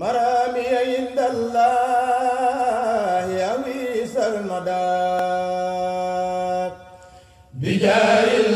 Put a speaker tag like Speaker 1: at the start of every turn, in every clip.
Speaker 1: مرامي عند الله أويس المدار بجاه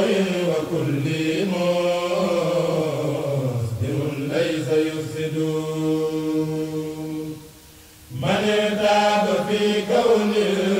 Speaker 1: وكل مسلم ليس يفسد من ارتاب في كونه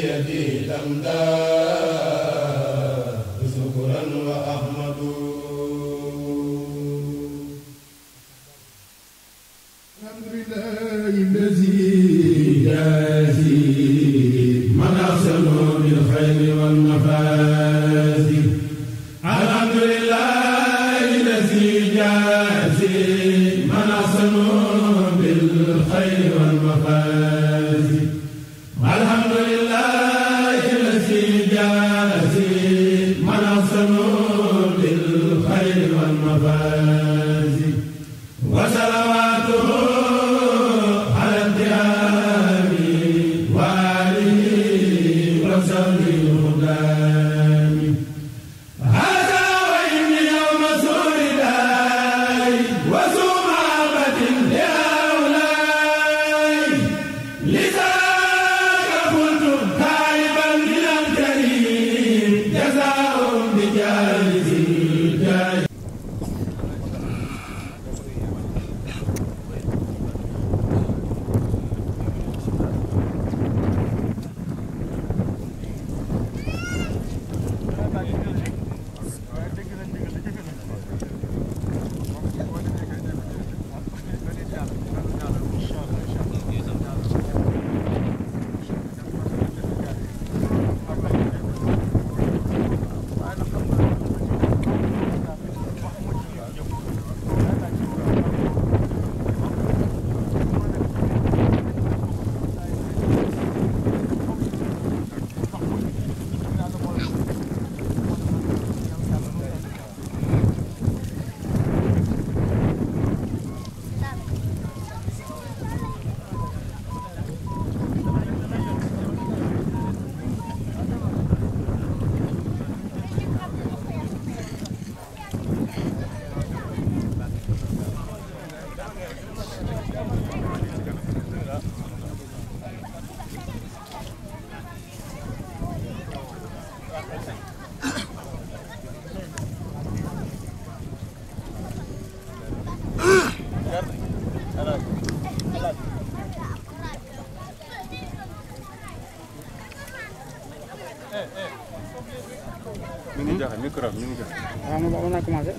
Speaker 1: بيدي الأمداد ना कमा से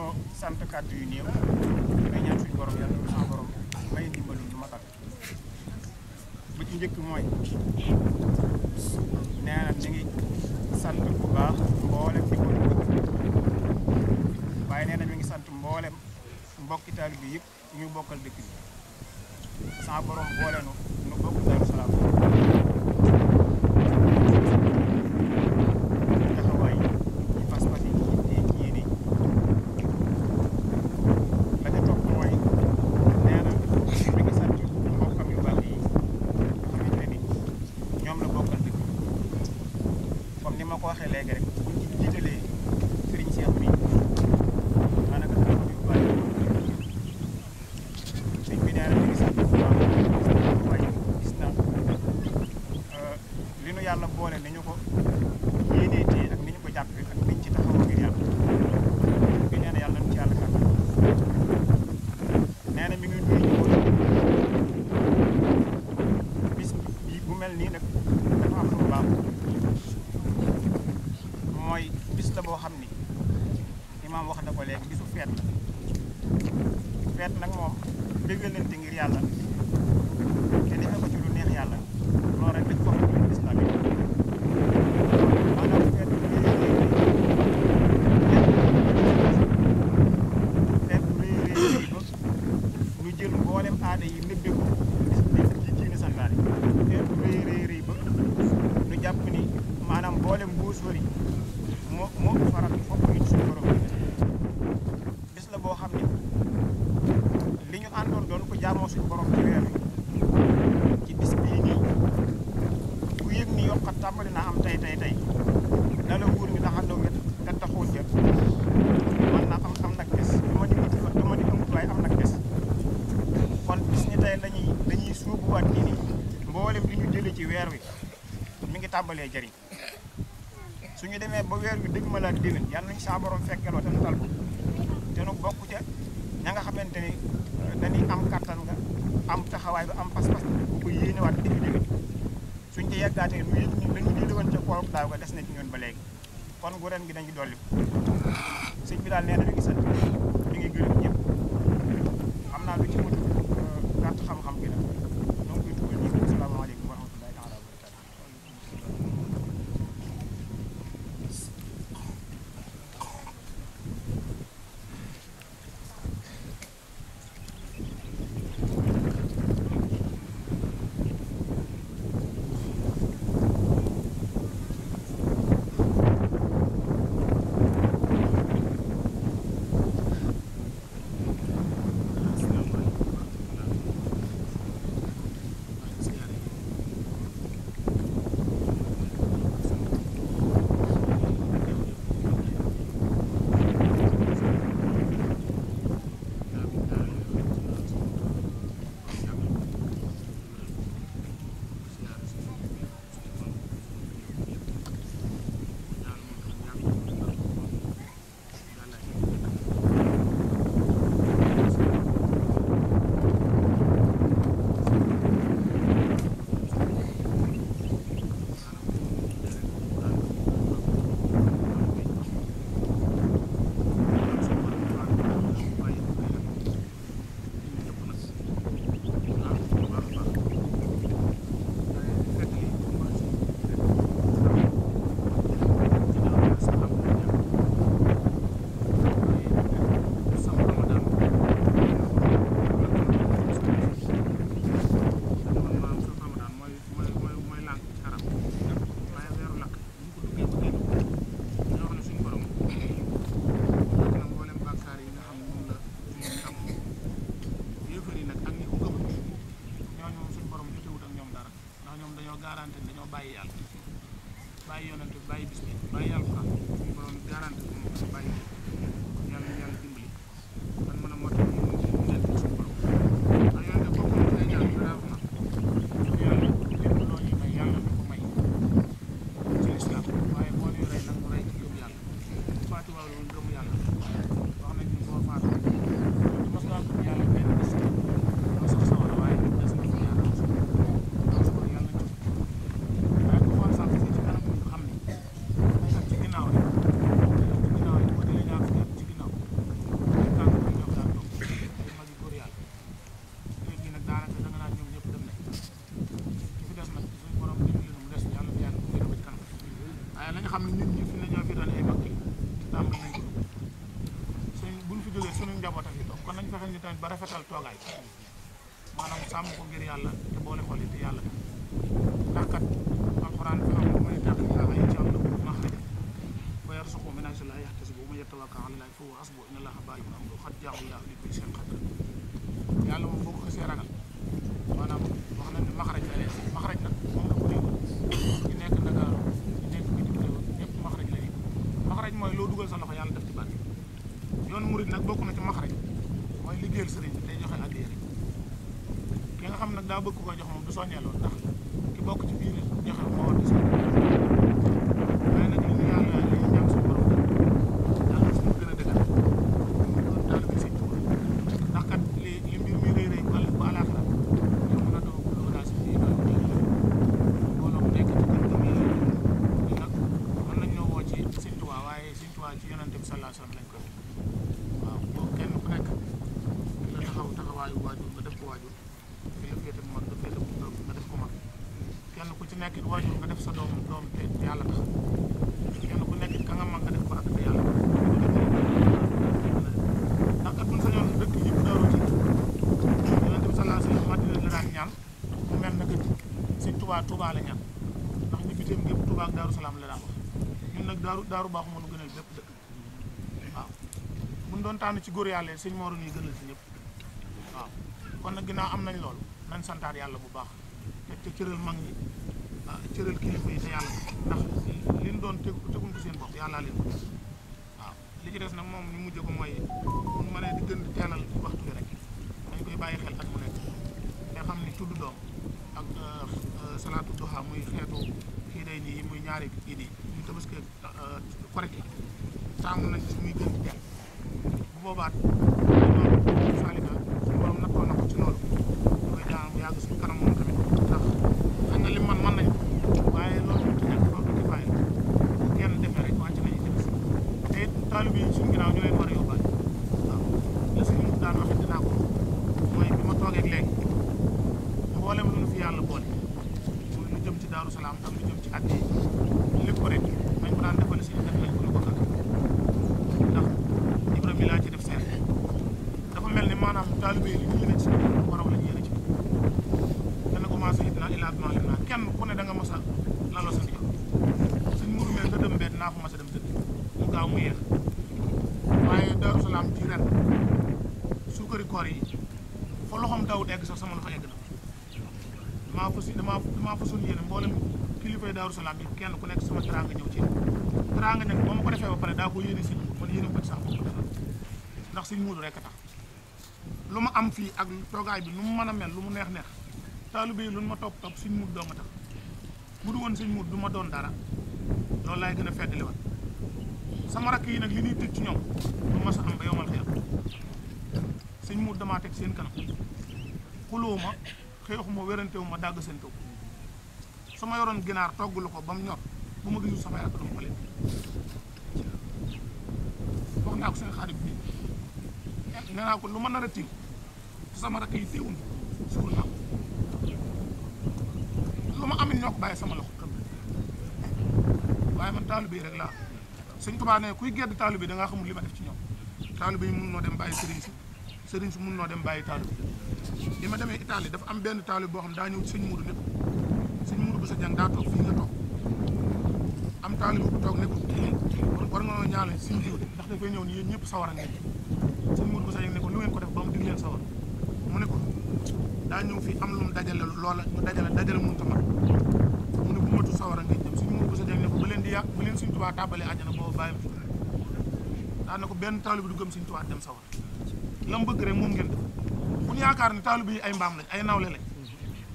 Speaker 2: mënoo sant kàddu tàmbalee jëriñ suñu demee ba weer wi dëgg ma laa déwén yàlla nañu saa borom fekkeloo te nu tal ko te nu bokk ca ña nga xamante ni euh, dañuy am kattan nga am taxawaay bi am pas-pas bu ko yéenewaat di fi déwén ca yeggaatee nu daaw nga des na ci ñun ba léegi kon gu ren gi dañu dolli ko
Speaker 3: rafetal toogaay Touba la ñaan ndax la daan wax ñun nag daaru daaru baax mënu doon tànn ci góor yàlla sëñ Mor ñuy si ñëpp waaw kon nag ginnaaw am nañ loolu nañ santaat yàlla bu baax te te cëral mag ah, li ñu doon tegu teguñ seen bopp yàllaa leen ko waaw li ci des nag moom ñu mujjee ko mooy ma mënee di gën di waxtu bi rek dañ koy bàyyi xel at mu nekk tudd doom ñaari idées muy tabaski Daaru Salaam bi kenn ku nekk sama teraanga ñëw ci teraanga nag ba ma ko defee ba pare daa ko yéene sëñ Muudu man ko ci sax bopp defal ndax sëñ Muudu rek tax lu ma am fii ak toogaay bi lu mu mën a mel lu mu neex neex taalibe yi lu ma topp topp sëñ Muudu doo ma tax bu du woon suñ Muudu du ma doon dara loolu laay gën a feddaliwaat sama rakk yi nag li ñuy tëj ci ñoom du ma sa am ba yomal xeex sëñ Muudu damaa teg seen kanam xuloo ma xeexuma wérantewu ma dàgg seen kaw sama yoron ginar toglu ko bam ñor buma gisu sama yaa dama ko leen wax naa ko seen xarit bi nee naa ko lu ma nar sama rakk yi teewul suur naa ko lu ma amit sama loxo waaye man taalibe rek laa Sëñ Tuubaa ne kuy gedd taalibe da ngaa xamul li def ci ñoom taalibe yi mun dem bàyyi sëriñ si sëriñ si mun dem bàyyi taalibe yi li Italie dafa am benn taalibe boo xam daa ñëw ci sëñ Moodu bu jang jàng daa toog nga toog am taalibu bu toog nekkul war nga ñaanal si jiw ndax dafay ñëw ni yéen ñëpp sawar a nekk sëñ ne ko lu ngeen ko def ba mu sawar mu ne ko daa ñëw fii am lu mu dajale loola ñu dajale dajale mun ta mu ne bu matu sawar a ngeen jëm sëñ Mourou Boussa yëg ne ko ba leen di yàq ba leen suñ ko du gëm dem sawar la bëgg rek moom ngeen def bu ñu yaakaar ne yi ay mbaam lañ ay nawle lañ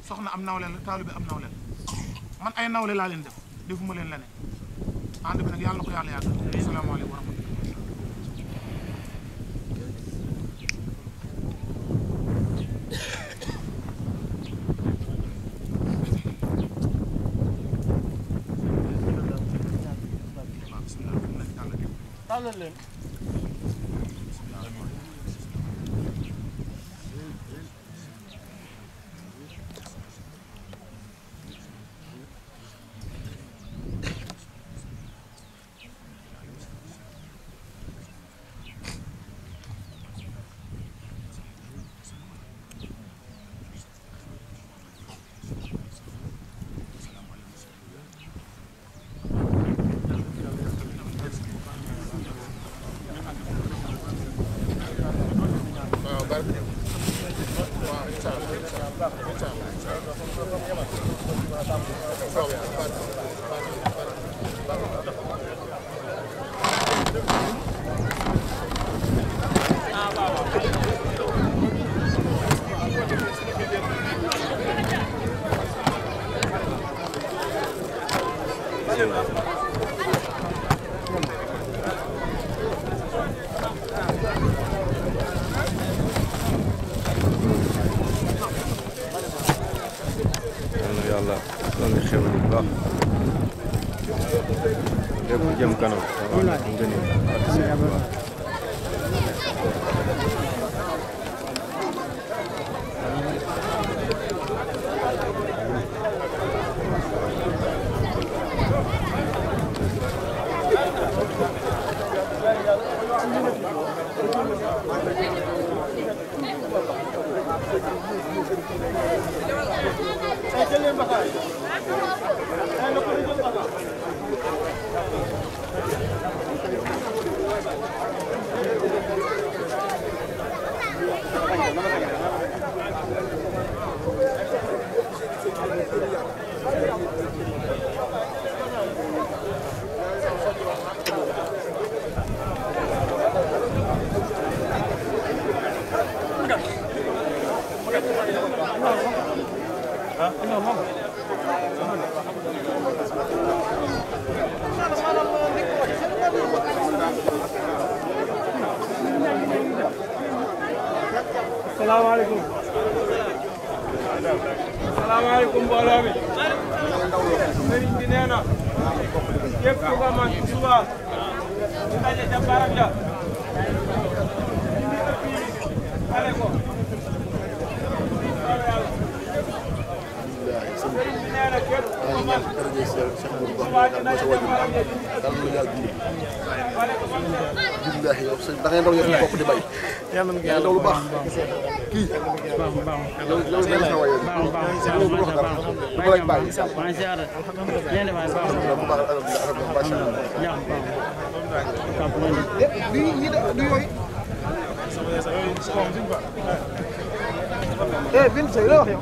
Speaker 3: soxna am nawle la am nawle man ay nawle laa leen def defuma leen leneen ànd bi nag yàlla na ko yàlla yàggal asalaamaaleykum wa rahmatulah
Speaker 1: Tàllal leen
Speaker 4: mais loolu baax kii loolu loolu nee na sa waaye loolu bu wax dara du ko laaj bàyyi bu baax macha allah
Speaker 3: lii yii da du
Speaker 4: yooyu
Speaker 5: eh bin say la wax yow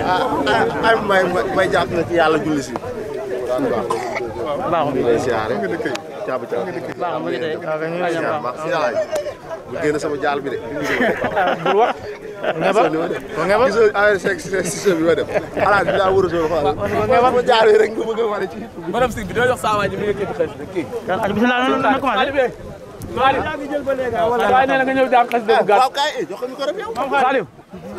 Speaker 3: ah ay may may jàpp na ci yàlla julli si. baaxul lay siyaare caabu caabu baaxul lay siyaare baax siyaare bu génn sama jaal bi de bul wax nga ba nga ba gisoo affaire sexe sexe bi ma def xalaat bi daa war a sool xool ma jaaree rek nga bëgg a wane ci madame Sy bi dina jox saa waa ji mi yëkkati
Speaker 5: xel kii bismillah na commencé Malick daa ngi jël ba léegi wala waaye nee na nga ñëw jaar xel de bu gàtt waaw kay
Speaker 4: jox ko micro bi yow Saliou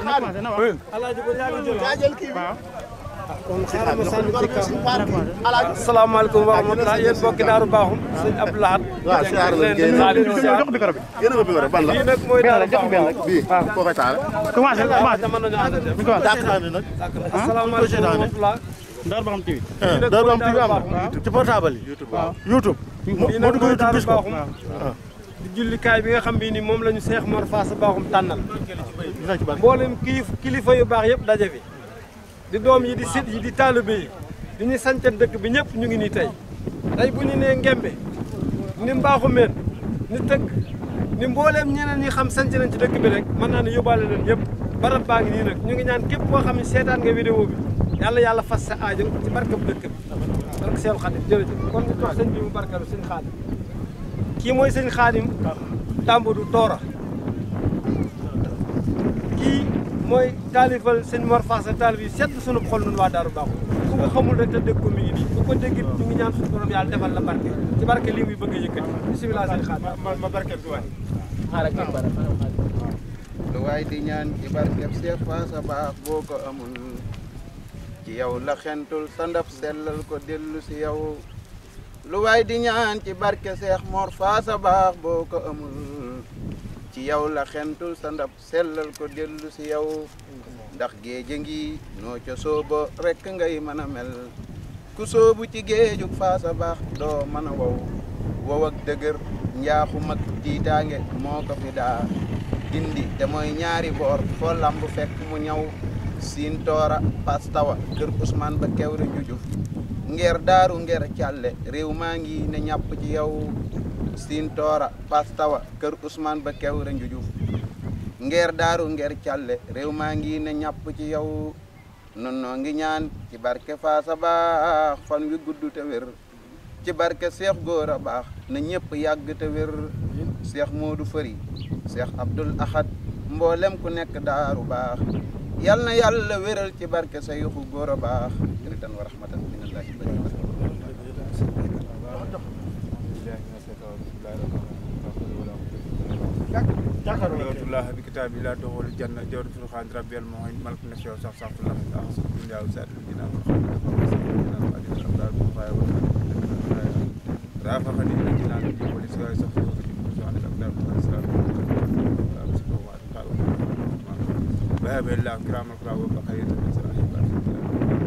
Speaker 5: asalaamaaleykum wa rahmatulah yéen mbokki daaru baaxum sëñ Abdou Lahad. waaw si aar la génn jox bi garab bi. yéen a ko bi garab ban la. lii nag mooy daaru baaxum bii koo koy taal. commencé commencé mën nañu ànd def. dàq naa ni nag. Ah? asalaamaaleykum wa rahmatulah. Daaru Baaxum TV. Ah, daaru Baaxum TV am na ci portable yi. YouTube waaw
Speaker 2: YouTube. moo dugg YouTube gis ko
Speaker 5: jullikaay bi nga xam ne ni moom la ñu Seex Mor Faasa Baaxum tànnal mboolem kilifa kilifa yu baax yëpp daje fi di doom yi di sit yi di taalibe yi di ñu sanca dëkk bi ñëpp ñu ngi nii tey tey bu ñu nee ngembe ni mbaaxumeen ni tëgg ni mbooleem ñeneen ñi xam sanc nañ ci dëkk bi rek mën naa ne yóbbaale leen yëpp barab baa ngi nii nag ñu ngi ñaan képp koo xam ne seetaan nga vidéo bi yàlla yàlla fas sa aajo ci barkab dëkk bi barke Seex Xaadim jërëjëf kon ñu toog sëñ bi mu barkeelu sëñ Xaadim kii mooy sëñ xaadim Tambadou Toora kii mooy taalifal sëñ Mor Fassal taalif yi sedd sunu xol nun waa Daaru Baaxu ku ko xamul rek te dégg ko mi ngi nii ku ko déggit ñu ñaan suñu borom yàlla defal la barke
Speaker 4: ci barke lii muy bëgg a yëkkati bisimilah sëñ xaadim ma barkeel du waay di ñaan ci barkeb Seex Faasa baax boo ko amul ci yow la xentul sa ndab sellal ko dellu si yow lu way di ñaan ci barké cheikh Mor fa sa bax boko amul ci yow la xentul sa ndab selal ko delu ci yow ndax geejje ngi no ca sobo rek ngay mëna mel ku sobu ci geejju fa sa bax do mëna waw waw ak dëgër ñaaxu mak fi da dindi te nyari ñaari bor fo lamb fekk mu ñaw sin tora pastawa keur Ousmane ba kewre ñu ngeer daaru ngeer càlle réew maa ngi ne ñàpp ci yow siin pastawa kër usmaan ba kew re njujuf ngeer daaru ngeer càlle réew maa ngi ne ñàpp ci yow nun noo ngi ñaan ci barke faasa baax fan wi gudd te wér ci barke seex góor a baax na ñëpp yàgg te wér seex moodu fëri seex abdul ahad mboolem ku nekk daaru baax yal na yàlla wéral ci barke sa yuxu góor a baax ridan wa rahmatan minallahi bari
Speaker 6: jakarolatullah
Speaker 2: bi kitaab yi laa doxalu janna jawr furxaan rabbiyal mooy malk na sew sax sax lam ax su dundaaw saatu dina ko xam ne dafa sax dina ko adi sax daal bu fay wa rafa xani dina ko jëwali sax sax ci ko soxna ak daal bu sax باب الله كرام الكرام وبقية الإسراء الكرام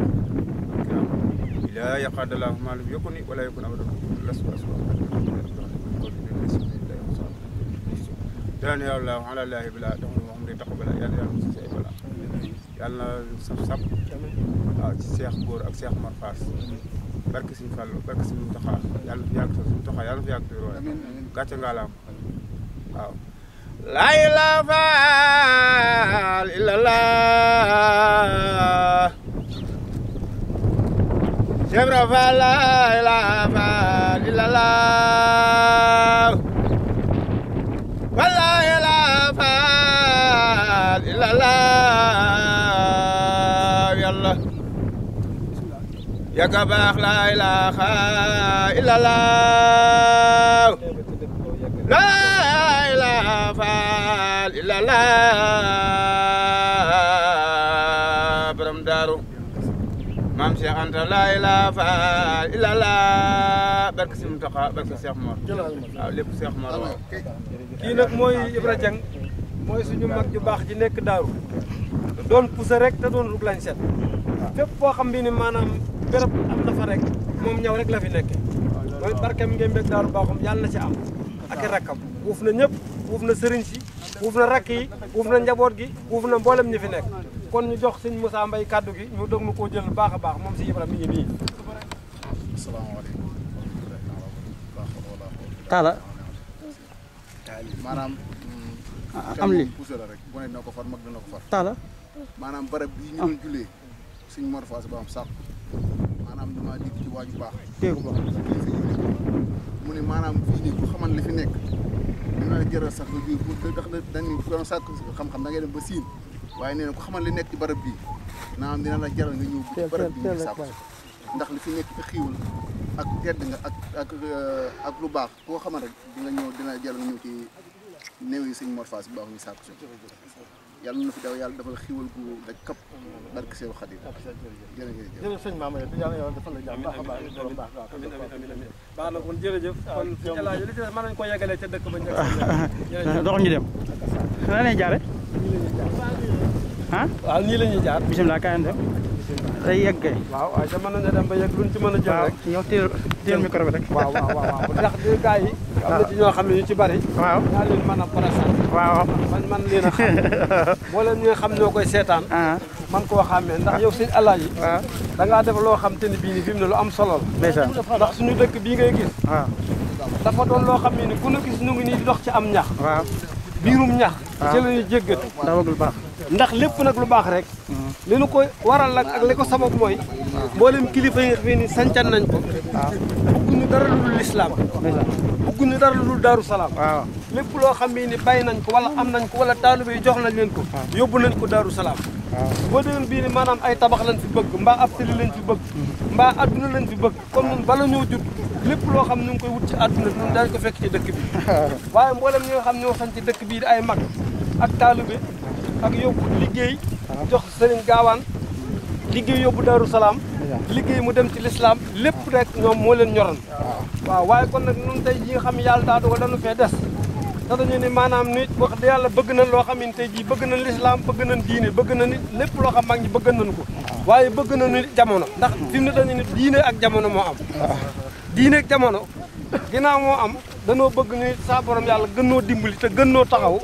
Speaker 2: لا يقعد الله ما لم يكن ولا يكن أبدا لسوء أسوأ daan yàlla ala laahi bi laa doxal moom di taxu bala yàlla yàlla mosi say bala yàlla na saf-saf waaw ci seex góor ak seex mar faas barke suñ fàllu barke suñ taxaa yàlla fi yàgg suñ taxaa yàlla fi yàgg te rooy gàcce ngaalaam waaw la
Speaker 1: ilaha
Speaker 5: illallah Chebra fa la ilaha
Speaker 4: illallah wala ilaha illallah yàlla
Speaker 2: yàgg baax la ilaha
Speaker 4: illallah la la borom daaru maam Cheikh Anta la ilaha illa la barke si
Speaker 5: Muntaxa barke Cheikh Mor waaw lépp kii nag mooy Ibra Dieng mooy suñu mag ju baax ji nekk daaru doon pousse rek te doon ruglañ set fépp foo xam bi ni maanaam béréb am na fa rek moom ñaw rek la fi nekke mooy barkeem ngeen mbég daaru baaxum yàlla na ci am ak i rakkam wuuf na ñëpp wuuf na sëriñ si uuf na rakk yi uuf na njaboot gi uuf na mboolem ñi fi nekk kon ñu jox sëñ Moussa Mbaye kàddu gi ñu dog nu koo jël baax a baax moom si Ibrahima mi ngi nii asalaamaaleykum
Speaker 4: maanaam ah, mm, am li poussé rek bu ne ko far mag ko far taala maanaam barab bii ñu doon jullee suñ Mor Fass ba am sax ci waaju baax baax mu ne maanaam fii nii ku xaman li fi nekk dina jëral sax nga jiw pour ndax dañuy doon sàkk xam-xam da ngay dem ba siin waaye nee na xamal li nekk ci barab bii naam dina la jaral nga ñëw ba ci barab bii sàkk ndax li fi nekk ci xiiwal ak tedd nga ak ak euh, ak lu baax koo xamal rek di nga ñëw dina jaral ñëw ci néew yi sëñ Mor Fass bu baax ñu sàkk si yàlla na fi daw yàlla defal xiwal gu daj kap barke Seydou Khadim jërëjëf jërëjëf sëñ
Speaker 5: Mamadou yàlla yàlla yàlla defal
Speaker 1: la jàmm baax a baax amiin amiin amiin
Speaker 4: baax na
Speaker 5: kon jërëjëf kon sëñ El Hadj li ci des mën nañu ko yeggalee ca dëkk ba njëkk dox ñu dem nan lay jaare ah waaw nii la ñuy jaar bisimilah kaay dem day yegg. waaw a te mën nañu dem ba yegg luñ ci mën a jël rek. yow téel téel micro bi rek. ndax biir gars yi. waaw am ñoo xam ne ñu ci bari. waaw daa leen mën a parasan. waaw man man leen a xam. wala ñi nga xam ñoo koy seetaan. Ah. man koo xàmmee ndax yow sëñ Alaaji ah. da ngaa def loo xam te ni bii ni fi ne lu am solo la ndax suñu dëkk bii ngay gis ah. dafa doon loo xam ne ni ku nu gis ñu nii dox ci am ñax biirum ñax ah. ci la ñuy jéggat ndawag lu baax ndax lépp nag lu baax rek hmm. li nu koy waral nag ak li ko sabab mooy ah. mboolem kilifa yi nga xam ne nañ ko ah. dara lu dul lislaam bugguñu dara lu dul daaru salaam waaw lépp loo xam ne ni bàyyi nañ ko wala am nañ ko wala taalibe jox nañ leen ko yóbbu nañ ko daaru salaam boo déwén bii ni maanaam ay tabax lañ fi bëgg mbaa ab tëli lañ fi bëgg mbaa adduna lañ fi bëgg kon ñun bala ñoo jut lépp loo xam ñu ngi koy wut ci adduna ñun daañ ko fekk ci dëkk bi waaye mboolem ñi nga xam ñoo xam ci dëkk bii di ay mag ak taalibe ak yóbbu liggéey jox sëriñ gaawaan liggéey yóbbu daaru salaam liggéey mu dem ci lislaam lépp rek ñoom moo leen ñoroon waaw waaye kon nag nun tey ji nga xam yàlla daa dogal dañu fee des te dañu ni maanaam nit wax dëgg yàlla bëgg na loo xam ne tey jii bëgg na lislaam bëgg nañ diine bëgg na nit lépp loo xam mag ñi bëgg nañ ko waaye bëgg na nañu jamono ndax fi mu dañu ni diine ak jamono moo am diine ak jamono ginnaaw moo am danoo bëgg ñu saa yàlla gën gënnoo dimbali te gënnoo taxaw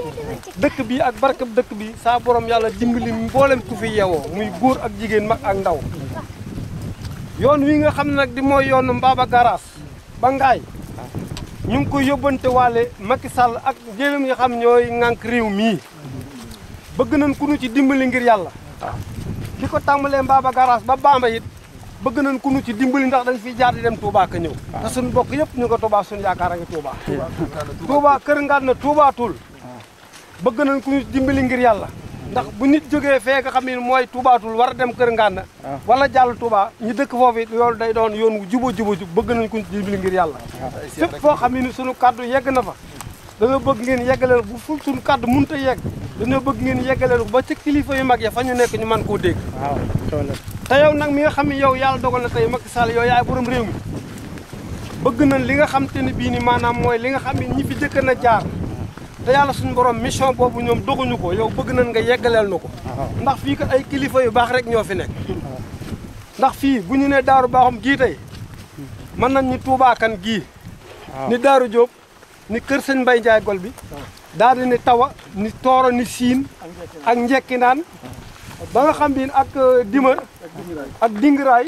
Speaker 5: dëkk bii ak barkab dëkk bi saa borom yàlla dimbali mboolem ku fi yeewoo muy góor ak jigéen mag ak ndaw yoon wii nga xam ne nag di mooy yoonu Mbaba Garaas ba Ngaay ñu ngi koy yóbbante waale Macky ak njëriñ nga xam ñooy ŋànk réew mii bëgg nañ ku nu ci dimbali ngir yàlla ki ko tàmbalee Mbaba Garaas ba Bamba it bëgg nañ ku nu ci dimbali ndax dañ fi jaar di dem Touba ka ñëw te suñu bokk ñu nga Touba suñu yaakaar a ngi Touba Touba kër ngaan na Touba Toul bëgg ku nu ci dimbali ngir yàlla ndax bu nit joge fe nga xamni moy mooy tubaatul war dem keur ngànn ah. wala jall touba ñu dëkk fofu it day doon yoon wu juba juba jub bëgg nañ ko jibil ngir yalla ah. fépp fo xamni suñu kaddu yegg na fa nga bëgg ngeen yeggaleel bu fu suñu kaddu mënut a yegg nga bëgg ngeen yeggaleel ba ci kilifa yu mag ya fa ñu nekk ñu man ko dégg waaw yow mi nga xamni yow yalla dogal na tay Macky Sall yow yaay borom réew mi bëgg nañ li nga xamni bi ni manam moy li nga xamni ñi fi jëkk na jaar te yàlla suñu borom mission boobu ñoom doxuñu ko yow bëgg nañ nga yeggaleel na ko ndax fii kat ay kilifa yu baax rek ñoo fi nekk ndax fii bu ñu ne daaru baaxum gii tey mën nañ ni tuubaakan gii ni daaru Jóob ni kër sëñ Mbay Njaay Gol bi daal ni tawa ni tooro ni siin ak njekki naan ba nga xam ak euh, dima ak dingiraay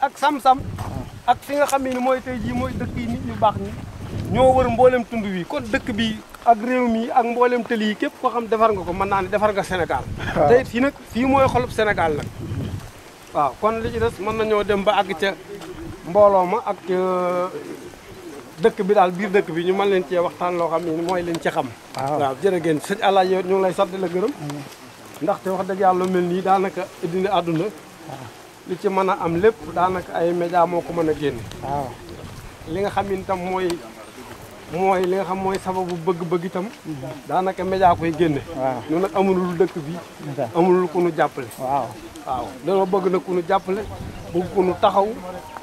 Speaker 5: ak sam-sam ak fi nga xam ne ni mooy tey jii mooy dëkk yi ñu baax ñi ñoo wër mboolem tund wi kon dëkk bi ak réew mi ak mboolem tëli yi képp ko xam defar nga ko mën naa ne defar nga Sénégal. waaw fii nag fii mooy xolub senegal nag. waaw kon li ci des mën nañoo dem ba àgg ca mbooloo ma ak euh, dëkk bi daal biir dëkk bi ñu mën leen cee waxtaan loo xam ne mooy leen ci xam. waaw waaw jërë ngeen sëñ Alaaji ñu lay sant la gërëm. Mm. ndaxte wax dëgg yàlla mel nii daanaka dina àdduna. li ci mën a am lépp daanaka ay média moo ko mën a génne. li nga xam ne tam mooy. mooy li nga xam mooy sababu bëgg-bëgg itam daanaka média koy génne waaw ñun nag dëkk bi amul lu ku nu jàppale waaw waaw dañoo bëgg nag ku nu jàppale bëgg ku nu taxaw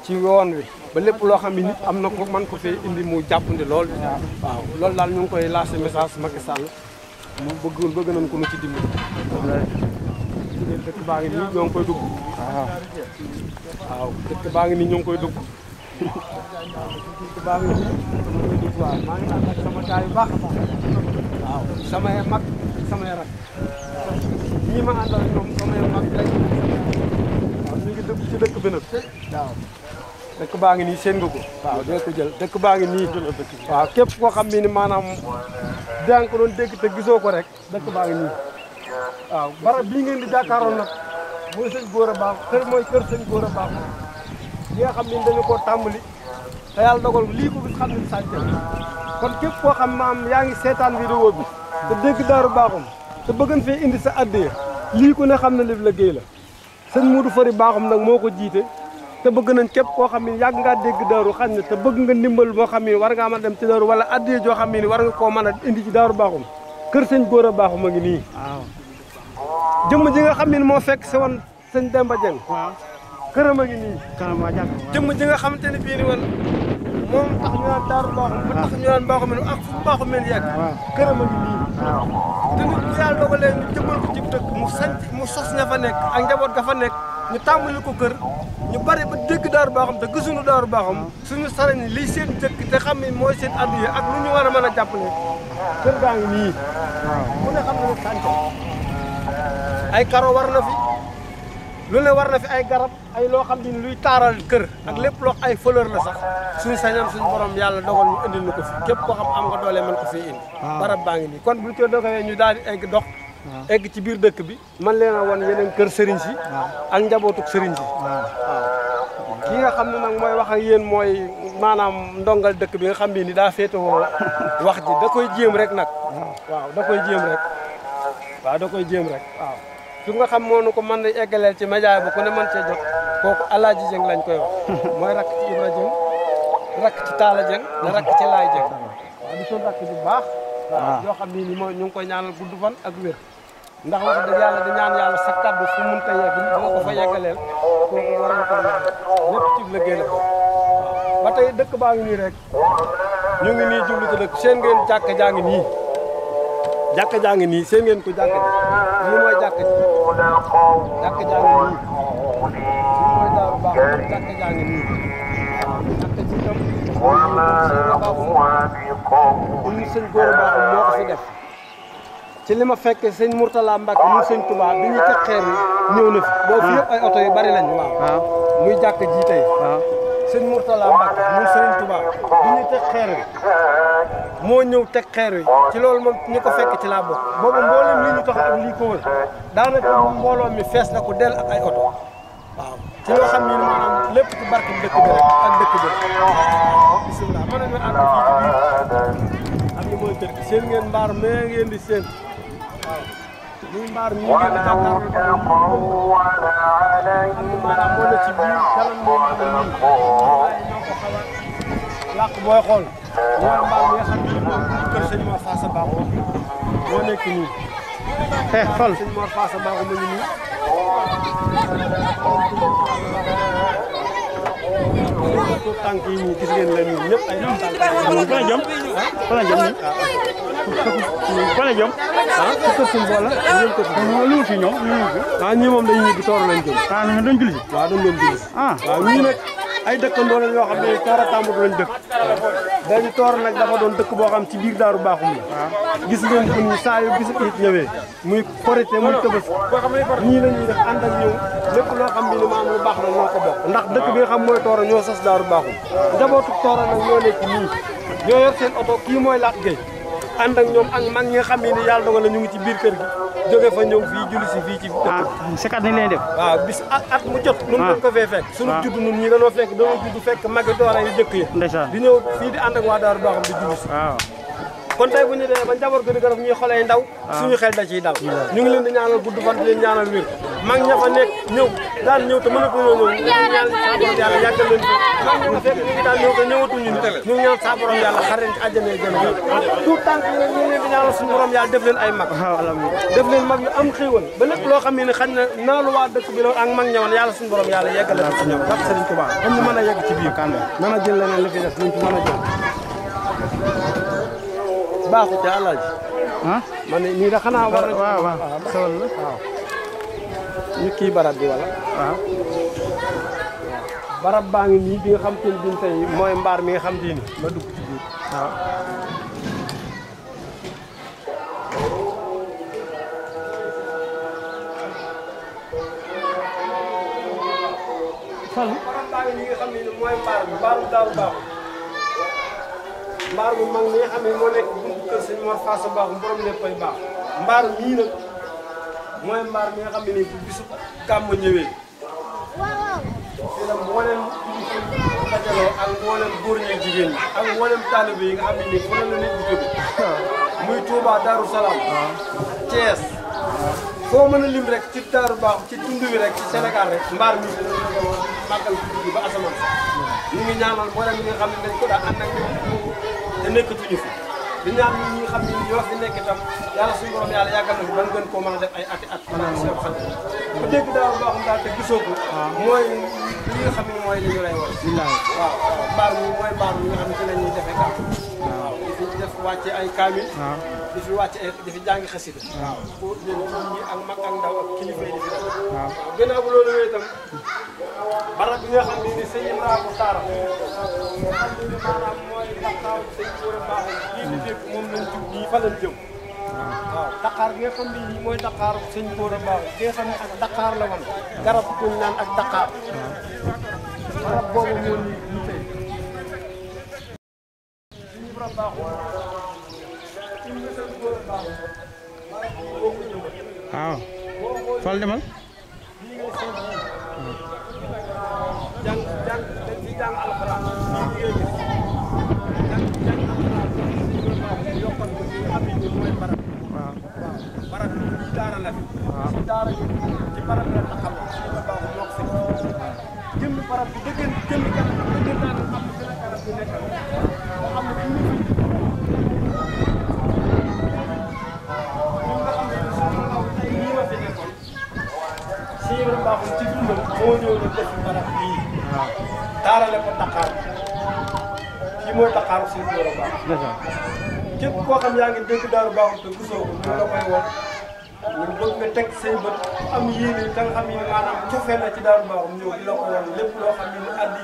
Speaker 5: ci yoon wi ba lépp loo xam ne nit am na ko man ko fee indi mu jàppandi lool waaw loolu daal ñu ngi koy lancé message Macky Sall mu bëgg bëgg nañ ko nu ci dimbali dëkk baa ngi nii ñoo koy dugg waaw dëkk baa ngi nii ñoo ngi koy dugg waaw maa ngi naan ak sama gars yu baax a baax waaw samay mag samay rak ngi dëkk ci dëkk bi nag dëkk baa ngi nii seen nga ko waaw jël dëkk baa ngi nii waaw képp koo xam ne ni maanaam daan ko doon dégg gisoo ko rek dëkk baa ngi nii waaw bii ngeen di jàkkaaroon nag mooy sëñ góor a baax kër mooy kër sëñ góor a baax li nga xam ne dañu koo tàmbali te yàlla dogal lii ko gis kon képp koo xam maam yaa ngi seetaan vidéo bi te dégg daaru baaxum te bëggan fee indi sa addiya lii ko ne xam ne lif la géey la sëñ Modou Fari baaxum nag moo ko jiite te bëgg nañ képp koo xam ne yàgg ngaa dégg daaru xam ne te bëgg nga ndimbal moo xam ne war nga mën a dem ci daaru wala addiya joo xam ne war nga ko mën a indi ci daaru baaxum kër sëñ góor a baaxum a ngi nii waaw ji nga xam ne moo fekk si woon sëñ Demba Dieng këram a ngi nii. kanam waa jàpp jëmm ji nga xamante ne bii nii woon moom tax ñu naan daaru baaxu. waaw tax ñu naan baaxu mel ak fu baaxu mel yàgg. waaw këram nii. waaw te nit ñi yàlla dogalee ñu jëmmal ko ci mu sanc mu sos ña fa nekk ak njaboot ga fa nekk ñu tàmbali ko kër ñu bari ba dégg daaru baaxam te gisuñu daaru baaxam suñu sarañ lii seen dëkk te xam ne mooy seen addiya ak lu ñu war a mën a jàppale kër gaa nii. waaw ne xam ne ay karo war na lu ne war na fi ay garab ay loo xam ni luy taaral kër ak lépp loo ay fleur la sax suñu sañam suñu borom yàlla dogal ñu indil ñu ko fi képp ko xam am nga doole mën ko fi indi barab baa ngi nii kon buñ ko dogalee ñu daal di egg dox egg ci biir dëkk bi man leen a wan yeneen kër sëriñ si ak njabootuk sëriñ si waaw ki xam ne nag mooy wax ak yéen mooy maanaam ndongal dëkk bi nga xam ni daa féetewoo wax ji da koy jéem rek nag waaw da koy jéem rek waaw da koy jéem rek waaw ki nga xam moo nu ko mën a ci média bu ku ne mën cee jot kooku Alaaji Jëng lañ koy wax. mooy rakk ci Ibra Jëng rakk ci Taala Jëng da ah. rakk ci Laay Jëng ah. waaw di rakk bu baax. Ah. yoo xam ne mooy ñu ngi koy ñaanal gudd fan ak wér. ndax wax dëgg yàlla di ñaan yàlla sa ta yegg ba nga ko fa yeggaleel kooku war na ba tey dëkk baa ngi nii rek ñu ngi nii jublu ci dëkk seen ngeen jàkka jaa ngi nii. jàkka jaa ngi nii seen ko jàkka ji lii mooy jàkka ji jàkka jaa ngi mooy daaru baax jàkka jaa ngi nii ji tam ñu sëñ góor baax moo ko ma fekk sëñ Mourtala na fi sëñ Mourtala Mbacke moom Serigne Touba bi ñu teg xeer wi moo ñëw teg xeer wi ci loolu moom ñi ko fekk ci laa bokk boobu mboolem li ñu tax ak lii ko wër daanaka mbooloo mi fees na ko dell ak ay oto waaw ci loo xam ne maanaam lépp ci barke dëkk bi rek ak dëkk bi bisimilah mën nañu ànd fii ci biir am na mooy kër seen ngeen mbaar mee ngeen di seen ولو تقول علينا بعض القول làq booy xool mooy mbaar bi nga xam ne moom kër sëñ Mor Faasa Baaxu moo nekk nii. eh xool sëñ Mor Faasa Baaxu mu ngi nii. tànk yi ñu gis ngeen leen ñun ñëpp ay tànk. fan la jëm fan la jëm nii. fan la jëm ah kër suñu boole ñoom kër suñu lu fi ñoom ñu fi ah ñii moom dañuy ñibbi toor lañ jëm doon julli dañ doon julli ah waaw ah. ah, ñii nag ay dëkkandoo lañ yoo xam ne toora tàmbali lañ dëkk dañu toor nag dafa doon dëkk boo xam ci biir daaru baaxum ah. gis ngeen ko ni saa yu gis it ñëwee muy korité muy tëbës ñii la ñuy def ak ñoom lépp loo xam ne ni maam lu baax la ñoo ko bokk ndax dëkk bi nga xam mooy toora ñoo sos daaru baaxum njabootu toora nag ñoo nekk nii ñoo yor ànd ak ñoom ak mag ñi nga xam ne ni yàlla na ñu ngi ci biir kër gi jóge fa ñëw fii julli si fii ci sikat ni leen def waaw bis at at mu jot nun ah. dañ ko fee fekk suñu ah. judd nun ñi dañoo fekk dañoo judd fekk magi doora yu jëkk yi di ñëw fii di ànd ak waa daaru doo xam di julli ah. kon tey bu ñu demee ba njaboot gëdi garab ñuy xoolee ndaw ah. suñu xel da ciy dal ñu ngi leen di gudd fan di leen ñaanal wér mag ñëw daan ñëw te mënatu ñoo ñëw ñaan
Speaker 1: yàlla yàggal leen fi fekk ñu ngi daan
Speaker 5: ñëw te ñëwatuñu ñu ngi ñaan saa borom yàlla xar leen ci àjjana gën tout tànk ñu ngi leen di ñaanal suñu borom yàlla def leen ay mag ah. def leen mag yu am xéewal ba loo xam ne xañ na naalu waa dëkk bi la ak yàlla suñu borom yàlla yeggal leen ci ñoom ndax Serigne Touba am ñu mën a yegg ci biir kan mën a jël leneen li fi def baaxu ca alaaji. ah man nii xanaa war nañu. kii barab bi wala. waaw. barab baa ngi nii bi xam te ne bii tey mooy mbaar mi nga xam te ma dugg ci biir mbaar mu mag mi nga xam ne moo kër sëñ Mor Faasa Baax borom léppay baax mbaar mii nag mooy mbaar mi nga xam ne nii bu bisu gàmm ñëwee fii la mboolem dajaloo ak mboolem góor ñi jigéen ñi ak mboolem taalibe yi nga xam ne nii fu ne la nit di jóge muy Touba Darou Salaam foo mën a lim rek ci daaru baax ci tund rek ci Sénégal mbaar mi màggal guddi ba asamaan ñu ngi ñaanal mboolem ñi nga xam ne dañ ko daa ànd ak nekkatuñu fi di ñaan ñi nga xam ne ñoo fi nekk itam yàlla suñu borom yàlla ban gën koo mën a def ay ati at maanaam seen xel ku dégg daaw boo xam daal gisoo ko ah. mooy li nga ne mooy li ñu lay wax waaw mbaar mi mooy mbaar xam ne ci la ñuy defee def wàcce ay kaamil. waaw di fi wàcce ay di fi jàngi xasida. waaw pour ñun ñi ak mag ak ndaw ak kilifa yi di fi def. waaw gannaaw bu loolu yooyu itam barab bi nga xam ne nii sëñ Ibrahima ko taaral. nga xam ne ni maanaam mooy taxaw sëñ Ibrahima baax na lii di dégg moom lañ jug nii fa lañ jëm. waaw Dakar bi nga xam ne nii mooy Dakar sëñ Kora Ba bi nga xam ne ak Dakar la woon. garab bu ñu naan ak Dakar. garab boobu moo nii
Speaker 2: a baaxul suñu mësal góor a baaxul maanaam boo ko jëlee. waaw fal demal. lii nga seen ji. jàng jàng dañ si jàng alxuraan. jàng
Speaker 6: jàng alxuraan yokkal ko ci xam ne mooy barab. waaw barab bi ci daara la fi. waaw ci daara
Speaker 5: yi ci barab la taxawal. suñu baaxul yokk si. jëmmi barab bi dëgg jëmmi kanam dëgg naa ne am na gën a kanam bi nekkal. moo ñëw ne def barab bii. waaw daarale ko Dakar fii mooy Dakar aussi Dóor a baax. képp koo xam yaa ngi dégg Daaru ko. waaw la koy wax. ñun bëgg nga teg say bët am yéene da nga xam ne maanaam cofee na ci Daaru Baaxul ñëw di la ko lépp loo xam ne lu àddi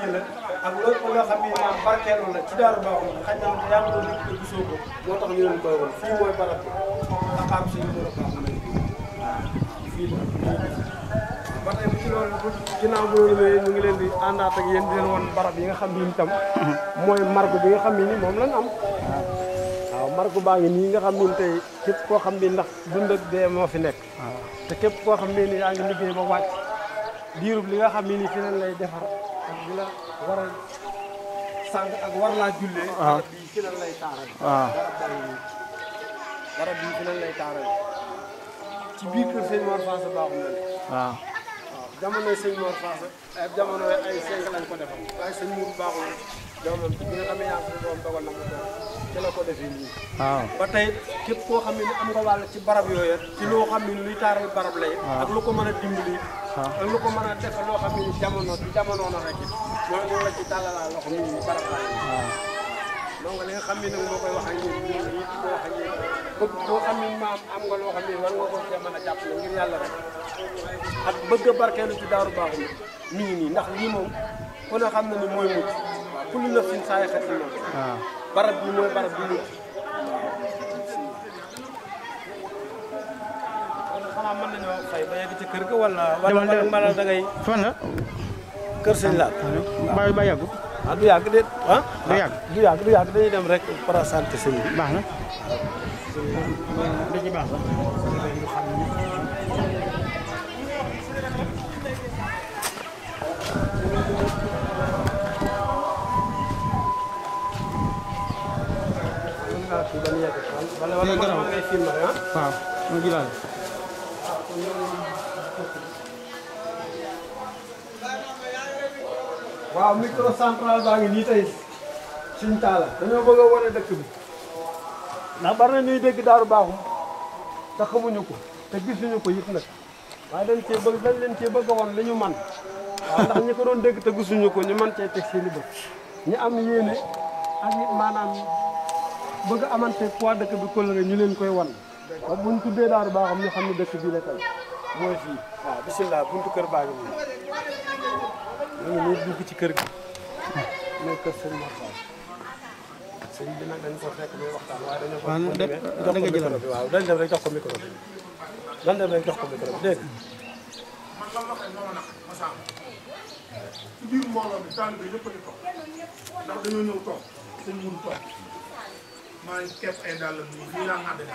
Speaker 5: ak lépp loo xam ne maam mooy barab bi xaqaam ngi leen di àndaat ak yéen di woon barab yi nga xam ni itam mhm. mooy margo bi nga xam ne ni moom lañ am waaw margo baa ngi nii nga xam ne tey képp koo xam ndax dund dee moo fi nekk te képp koo xam ne yaa ngi liggéey ba wàcc diirub li nga xam ne ni lay defar war a ak war laa jullee. Ah. garab bii fi lan lay taaral. Ah. garab baa bii fi lan lay taaral
Speaker 6: ci biir kër sëñ
Speaker 5: Mor Faasa baaxul na waaw ah. jamonoy sëñ Mor eh, jamono ay cinq na ko defal waaye sëñ Mour baaxul doomam bi nga ko doon dogal na ko ci la ko defee nii. waaw ba tey képp koo xam ne am nga wàll ci barab yooyu ci loo xam ne luy taaral barab lay. ak lu ko mën a dimbali. ak lu ko mën a def loo xam ne jamono jamono na rek. mooy moom la ci tàllalaa loxo nit ñi barab laa ah. donc li nga xam ne nag moo koy wax ak yéen ñun ñëpp di ko wax ak yéen bëgg boo xam ne maam am nga loo xam ne war nga ko cee mën a jàppale ngir yàlla rek ak bëgg a barkeelu ci daaru baax mi mi ngi nii ndax lii moom ku ne xam na ni mooy mucc kullu nafsin saa yaxat yi moom ah. barab bi mooy barab bi mucc xanaa mën nañoo fay ba yegg ci kër ga wala wala da ngay fan la कर से ला हाँ। Bye bye आगु आगु आगु दे हां आगु हाँ, आगु आगु आगु दे हम रे ऊपर आसान से बाहर देखिए बाहर भले भले हम कैसे मरे हां हां मुझे लाल waaw microcentral baa ngi nii tey suñ taala dañoo bëgg a wane dëkk bi ndax bari na ñuy dégg daaru baaxum te xamuñu ko te gisuñu ko yëpp nag waaye dañ cee bëgg dañ leen cee bëgg a wan li ñu man waaw ndax ñi ko doon dégg te gisuñu ko ñu man cee teg seen i bët am yéene ak it maanaam bëgg amante poids dëkk bi kóllëre ñu leen koy wan ba buñ tuddee daaru baaxum ñu xam ne dëkk bi la tey mooy fii waaw bisimilah buntu kër baa ngi loolu moo dugg ci kër gi. mooy kër bi nag dañ ko fekk muy waxtaan waaye dañoo. waaw nan def da nga dañ dem rek jox ko micro bi. dañ dem rek jox ko micro bi dégg ci
Speaker 3: biir bi yëpp a di toog ndax
Speaker 5: dañoo ñëw toog sëñ mun toog
Speaker 3: maa ngi kepp ay dàllam nii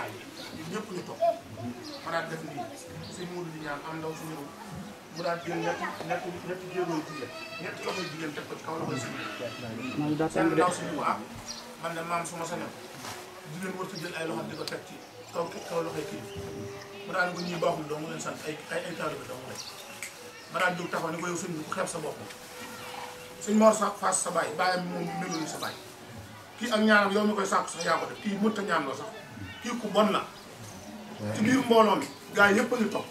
Speaker 3: lii ñëpp ñu toog ma daal def nii sëñ mun di ñaan am ndaw su ñëw mu daal jël ñetti ñetti ñetti jéego jigéen ñetti loxo jigéen teg ko ci kaw loxo suñu seen ndaw suñu ah man ne maam su ma sañoon jigéen warut a jël ay loxo di ko teg ci kaw kaw loxo kii mu ñuy baaxul doo mu leen sant ay ay ay taalibe doo ma daal jóg sa bopp suñ mor sa faas sa bàyyi bàyyam moom melul kii ak ñaanam yow mi koy sàkku sax yaa ko def kii mënta ñaan loo sax kii ku bon la ci biir mbooloo gaa yëpp a ngi topp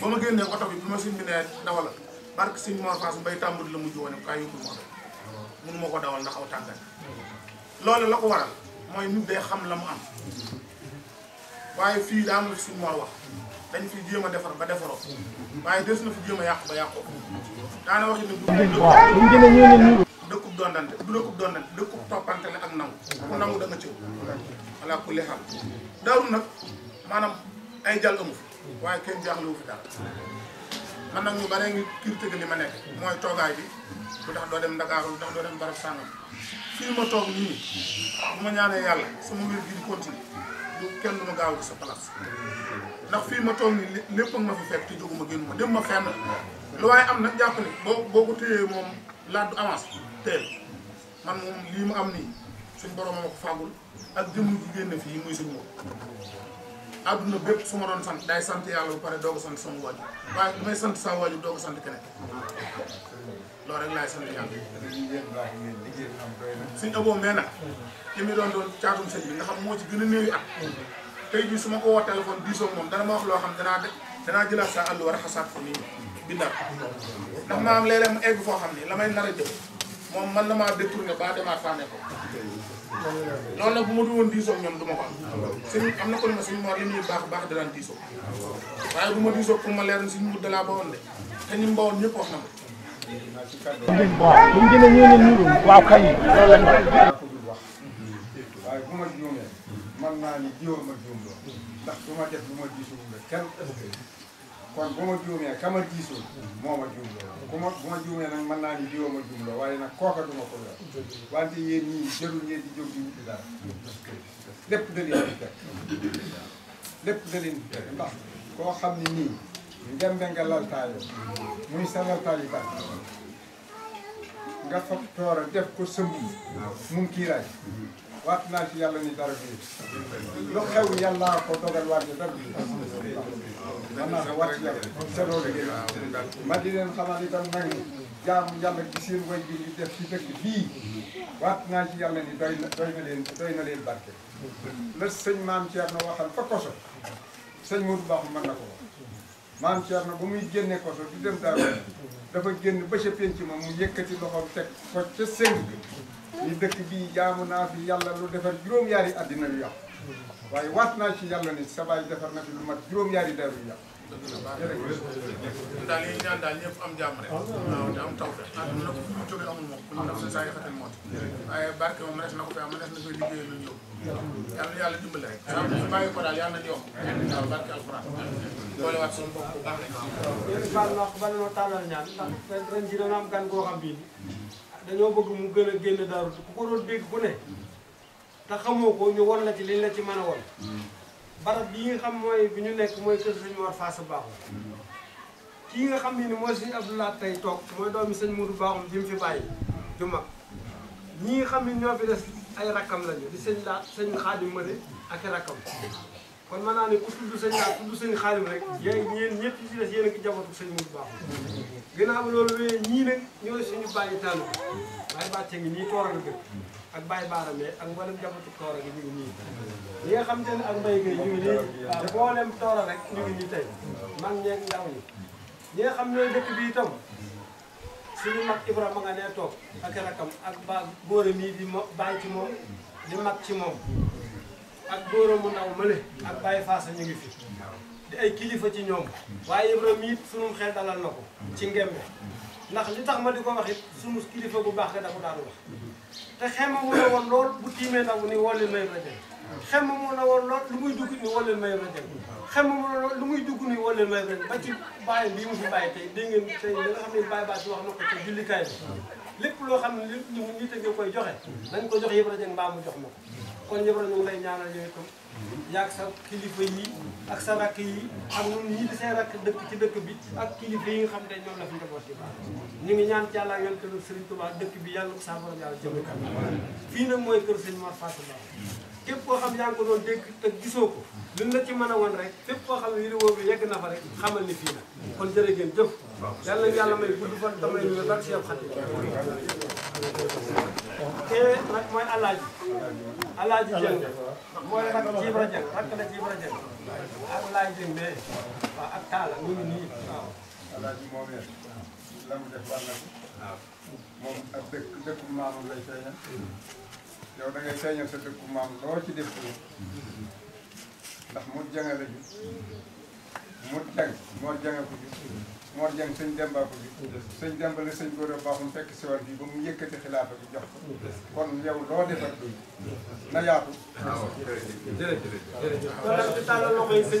Speaker 3: ba ma génnee oto bi bi ma sëñ bi nee dawal barke sëñ Mor Fass bay tàmbali la mujj wane kaay yóbbul ma oto mënu ko dawal ndax aw tàngaay loolu la ko waral mooy nit day xam la mu am waaye fii am na suñ Mor wax fi jéem a defar ba defaroo waaye des na fi jéem a yàq ba yàqoo daana wax ne dëkkub dondante du dëkkub dondante
Speaker 1: dëkkub toppante la ak nangu
Speaker 3: ku nangu da nga cëw walla ku lexal daaru nag maanaam ay jàll amu waaye kenn jaaxlewu fi daal man nag ñu bare ngi critiquer li ma nekk mooy toogaay bi lu tax doo dem Ndakaaru lu tax doo dem barab sàngam fii ma toog nii bu ma yàlla sama mbir kenn gaaw ci sa place fii ma toog nii lépp ak ma fi fekk te jóguma génnuma dem ma fenn lu waaye am na jàpp ne boo boo ko téyee moom laaj du avance teel man moom lii mu am nii suñ borom ma ko fàggul ak jëmm ju génn fii muy suñ moom àdduna bépp su ma doon sant day sant yàlla bu pare doog a sant sama waajur waaye bu may sant waajur doog a sant keneen loolu rek laay sant yàlla. suñ aboo mee nag li mu doon doon caatum sëñ bi nga xam moo ci gën a néewi ma ko woo téléphone diisoo moom dana ma wax loo xam ne de danaa jëlaat sa àll war a xasaat ko nii bindaat ndax maa am léeg-léeg mu egg foo xam ne la may nar a jëf moom man na maa détourné ba demaat fànne ko loolu nag bu ma du woon diisoo ak ñoom du ma ko
Speaker 1: am
Speaker 3: na ko ne ma suñu moor li muy baax baax danaan diisoo waaye bu ma diisoo pour ma leer na suñu mut dalaa bawoon de te ñu mbawoon ñëpp na ma
Speaker 6: waaw bu a ñëwee ñu waaw kay loolu lañ bu ma juumee man ma juum lool ndax ma def kon bu ma juumee ka ma diisul moo ma juumloo ku bu ma juumee nag mën naa ni diwoo ma juumloo waaye nag kooka du ma ko loo wante yéen ñii jarul ngeen di jóg di wuti di fekk lépp da leen di fekk nga laltaayoo muy sa laltaayu ba nga fab toora def ko sëmb mu ngi kiiraay waat naa ci yàlla ni dara bii lu xew yàllaa ko dogal waat dara bii man naa ko waat yàlla te loolu ma di leen xamal itam nag ni jaamu yàlla ci seen way bi ñu def ci dëkk bii waat naa ci yàlla ni doy na doy na leen doy na leen barke la sëñ maam Thierno waxal fa koso sëñ Modou Bakhoum mën na ko wax maam Thierno ba muy génne koso di dem daal dafa génn ba ma mu yëkkati loxoom teg ko ca sëng ni dëkk bii jaamu naa fi yàlla lu defar juróom-yaari addina yu yàqu waaye waat naa ci yàlla ni sa baay defar na fi lu mat juróom-yaari daru yu yàqu daal yi ñaan daal
Speaker 3: ñëpp am jàmm rek waaw te am sa saa yëfatal moot waaye barke moom res na ko fi am res na koy liggéey lu ñëw yàlla na yàlla dimbali rek saa ñu bàyyi ko daal yàlla na yomb waaw barke alxuraan boole
Speaker 5: waat rek dañoo bëgg mu gën a génn daaru ku ko doon dégg ku ne te xamoo ko ñu won la ci liñ la ci mën a won barab bi nga xam mooy bi ñu nekk mooy kër sëñ Mor Fass Bakhoum kii nga xam ne ni mooy sëñ Abdoulaye tey toog mooy doomi sëñ Modou Bakhoum ji mu fi bàyyi ju ñi nga xam ne ñoo fi des ay rakkam lañu di sëñ laat ma Xaadim ak i rakkam kon mën naa ne ku tudd sëñ laa tudd sëñ xaalim rek yéen ñeen ñëpp ci des yéen mu baax ginnaaw loolu ñii nag ñooy suñu bàyyi tànn bàyyi bàcce ngi nii toor a dëkk ak bàyyi baaramee ak mboolem jabatu ñu ngi nii nga xam ne ak mbay gay ñu rek ñu ngi nii tey mag ñeeg ndaw ñi xam ñooy dëkk bi itam suñu mag Ibrahima nga nee toog ak rakam ak ba góor a mii di bàyyi ci moom di mag ci moom ak góoram mu ndaw mële ak Baye Faasa ñu ngi fi di ay kilifa ci ñoom waaye Ibrahima it sunum xel dalal na ko ci ngemme ndax li tax ma di ko wax it sunu kilifa bu baax nga dafa daan wax te xema mu na woon lool bu tiimee ndaw ni wollil may rajo xema mu na woon lool lu muy dugg ni wollil may rajo xema mu na lool lu muy dugg ni wollil may rajo ba ci bàyyi bii mu fi bàyyi tey dégg ngeen tey li nga xam ne Baye Bass wax na ko ci jullikaay bi lépp loo xam ne li ñu tëggee koy joxe nañ ko jox yëpp rajo mbaa mu jox ma ko kon ñëpp nag ñu ngi lay ñaanal yooyu itam yaag sa kilifa yi ak sa rakk yi ak ñun ñii di seen ci dëkk bi ak kilifa yi xam ne ñoom la fi njaboot yi ñu ngi ñaan ci yàlla yoon kër Serigne Touba dëkk bi yàlla saa borom yàlla jëme kanam fii nag mooy kër Serigne koo xam yaa ngi ko doon dégg gisoo ko luñ la ci mën a woon rek fépp koo xam ne vidéo bi yegg na fa rek xamal ni fii la kon jërëjëf jëf yàlla yàlla may gudd fan damay ñu barke Cheikh te nag mooy alaaji alaaji jëng mooy rak ci Ibra Jëng rak la ci Ibra Jëng ak laay jëng bee waaw ak taala ñu ngi nii waaw
Speaker 6: alaaji moom yéen la mu def war na ko moom ak dëkk dëkku maamam lay feeñal yow da ngay feeñal sa dëkku maam loo ci def ndax mu jëngale ji mu jàng moo jënga ko ji Mor Dieng sëñ Demba ko bi sëñ bu la sëñ Gora baaxum fekk si war bi ba mu yëkkati xilaafa bi jox ko kon yow loo defar duñ na yaatu jërëjëf jërëjëf kon nag di tàllal loxo yi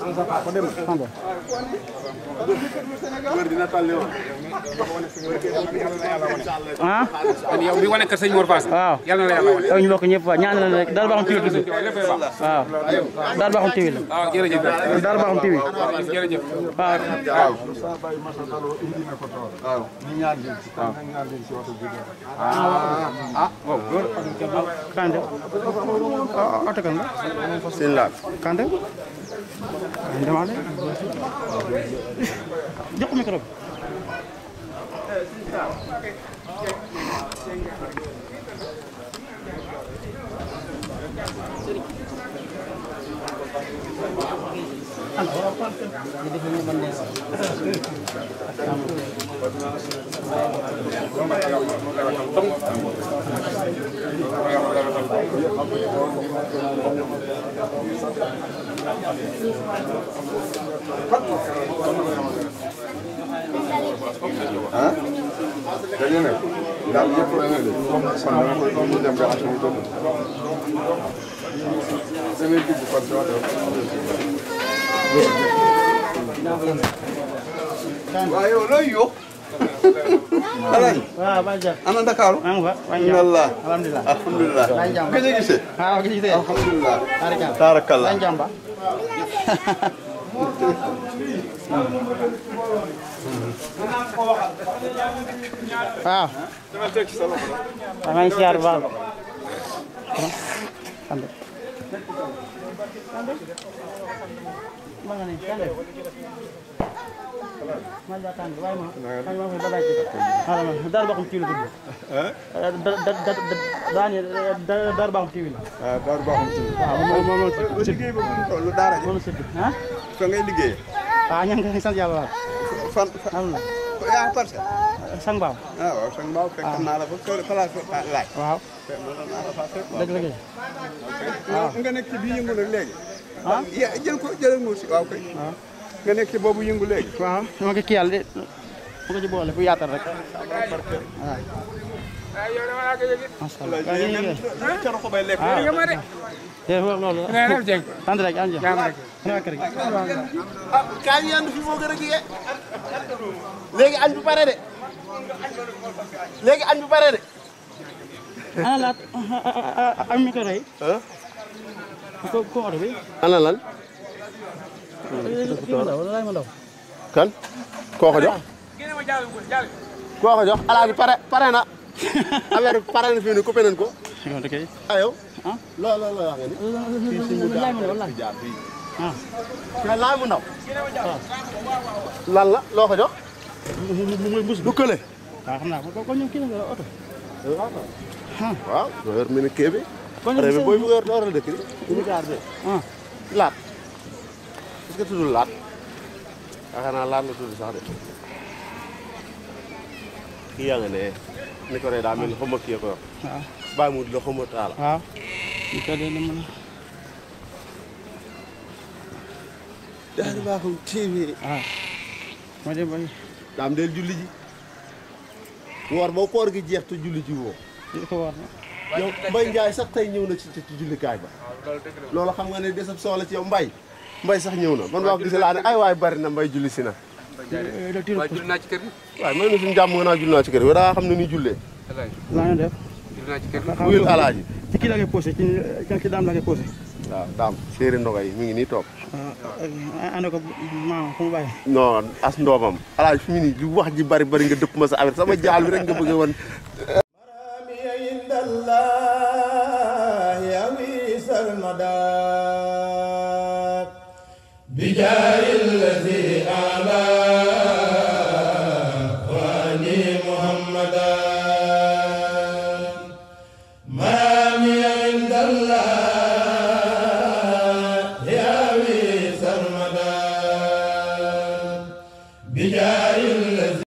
Speaker 6: ah.
Speaker 5: kon yow waaw ñu bokk ñëpp waaw ñaanal na rek daal ba xam TV bi waaw daal ba xam TV la. waaw
Speaker 6: jërëjëf daal ba xam TV. jërëjëf waaw. waaw. waaw.
Speaker 5: demandé jox ko micro bi alors ah
Speaker 6: dañu ne daal yëpp la ñuy def kon da nga koy doon ñu dem ba assuré doon na. da ngay dugg kon doo
Speaker 4: def. waaye yow looy yóbbu. Alaaji. waaw ah, Baye Dia. ana Ndakaaru. maa ngi fa Baye Dia alhamdulilah. alhamdulilah. Baye Dia gëj a gisee. waaw gëj a ah, gisee. alhamdulilah. taarakallah Baye Dia. waaw.
Speaker 6: Ah. maa ngi siyaar bu baax.
Speaker 5: maa ngi man daa tàng waaye ma man ma ba bàyyi ci dara baaxum tiwi la tudd daani dara baaxum tiwi
Speaker 4: la dara ma tiwi waaw moom moom liggéey ba mu toll daara ji moom sëdd ah fa ngay liggéey waaw nga sant yàlla waaw fan am na yaa parce que sang baaw ah waaw sang baaw fekk naa la fa place laaj nga nekk ci bii yëngu nag léegi
Speaker 6: ah nga nekk ci boobu yëngu léegi. waaw
Speaker 5: dama ko kii yàlla de ma ko ci boole bu yaatal rek waaw. macha allah waaye ñu ngi lay waaw ah. loolu la. sant rek am na
Speaker 3: ah, fi moo gën a kii léegi añ bi pare de.
Speaker 5: léegi añ bi pare de. ana laat ah, am mi ko rey. ko ko oto bi.
Speaker 4: ana lan. kan koo ko jox koo ko
Speaker 3: jox alaaji pare pare na affaire bi pare na fii nii coupé nañ ko. ayow. Ah, ah? loo loo loo wax nga ni. ah laay mu ndaw. lan la loo ko jox. du kële. waaw ah, xam naa ko ñoom kii la nga oto.
Speaker 4: waaw. doo yor mën a kii bi. kon ñu ngi seen réew mi booy bu nga yor doo yor dëkk bi.
Speaker 3: laat. est que tuddul laat yaakaar naa laat la tudd sax de kii yaa nga ne ni ko ne daa mel ni xawma kii ko yor. waaw mu la xawma taala. waaw
Speaker 4: ni ah. ma dem bay. daam del julli ji. woor ba koor gi jeex te julli ji woo. li ko war yow Mbaye Ndiaye sax tey ñëw na ci
Speaker 3: ci jullikaay ba. loolu xam nga ne desab soxla ci yow Mbaye. mbay sax ñëw na man maa ko laa ne ay waay bari na mbay julli si na
Speaker 5: waaw julli naa ci kër gi
Speaker 3: waaw man mi suñu jàmm naa julli naa ci kër gi wa daa xam ci
Speaker 5: kii la koy ci
Speaker 4: daam la koy posé
Speaker 3: waaw daam séeri mi ngi nii toog
Speaker 4: ane ah, ko maam fu bàyyi
Speaker 3: non as ndoomam alaaji fi mu nii lu wax ji bari bari nga dëpp ma sa affaire sama jaal bi rek nga bëgg
Speaker 4: woon bi
Speaker 1: jaay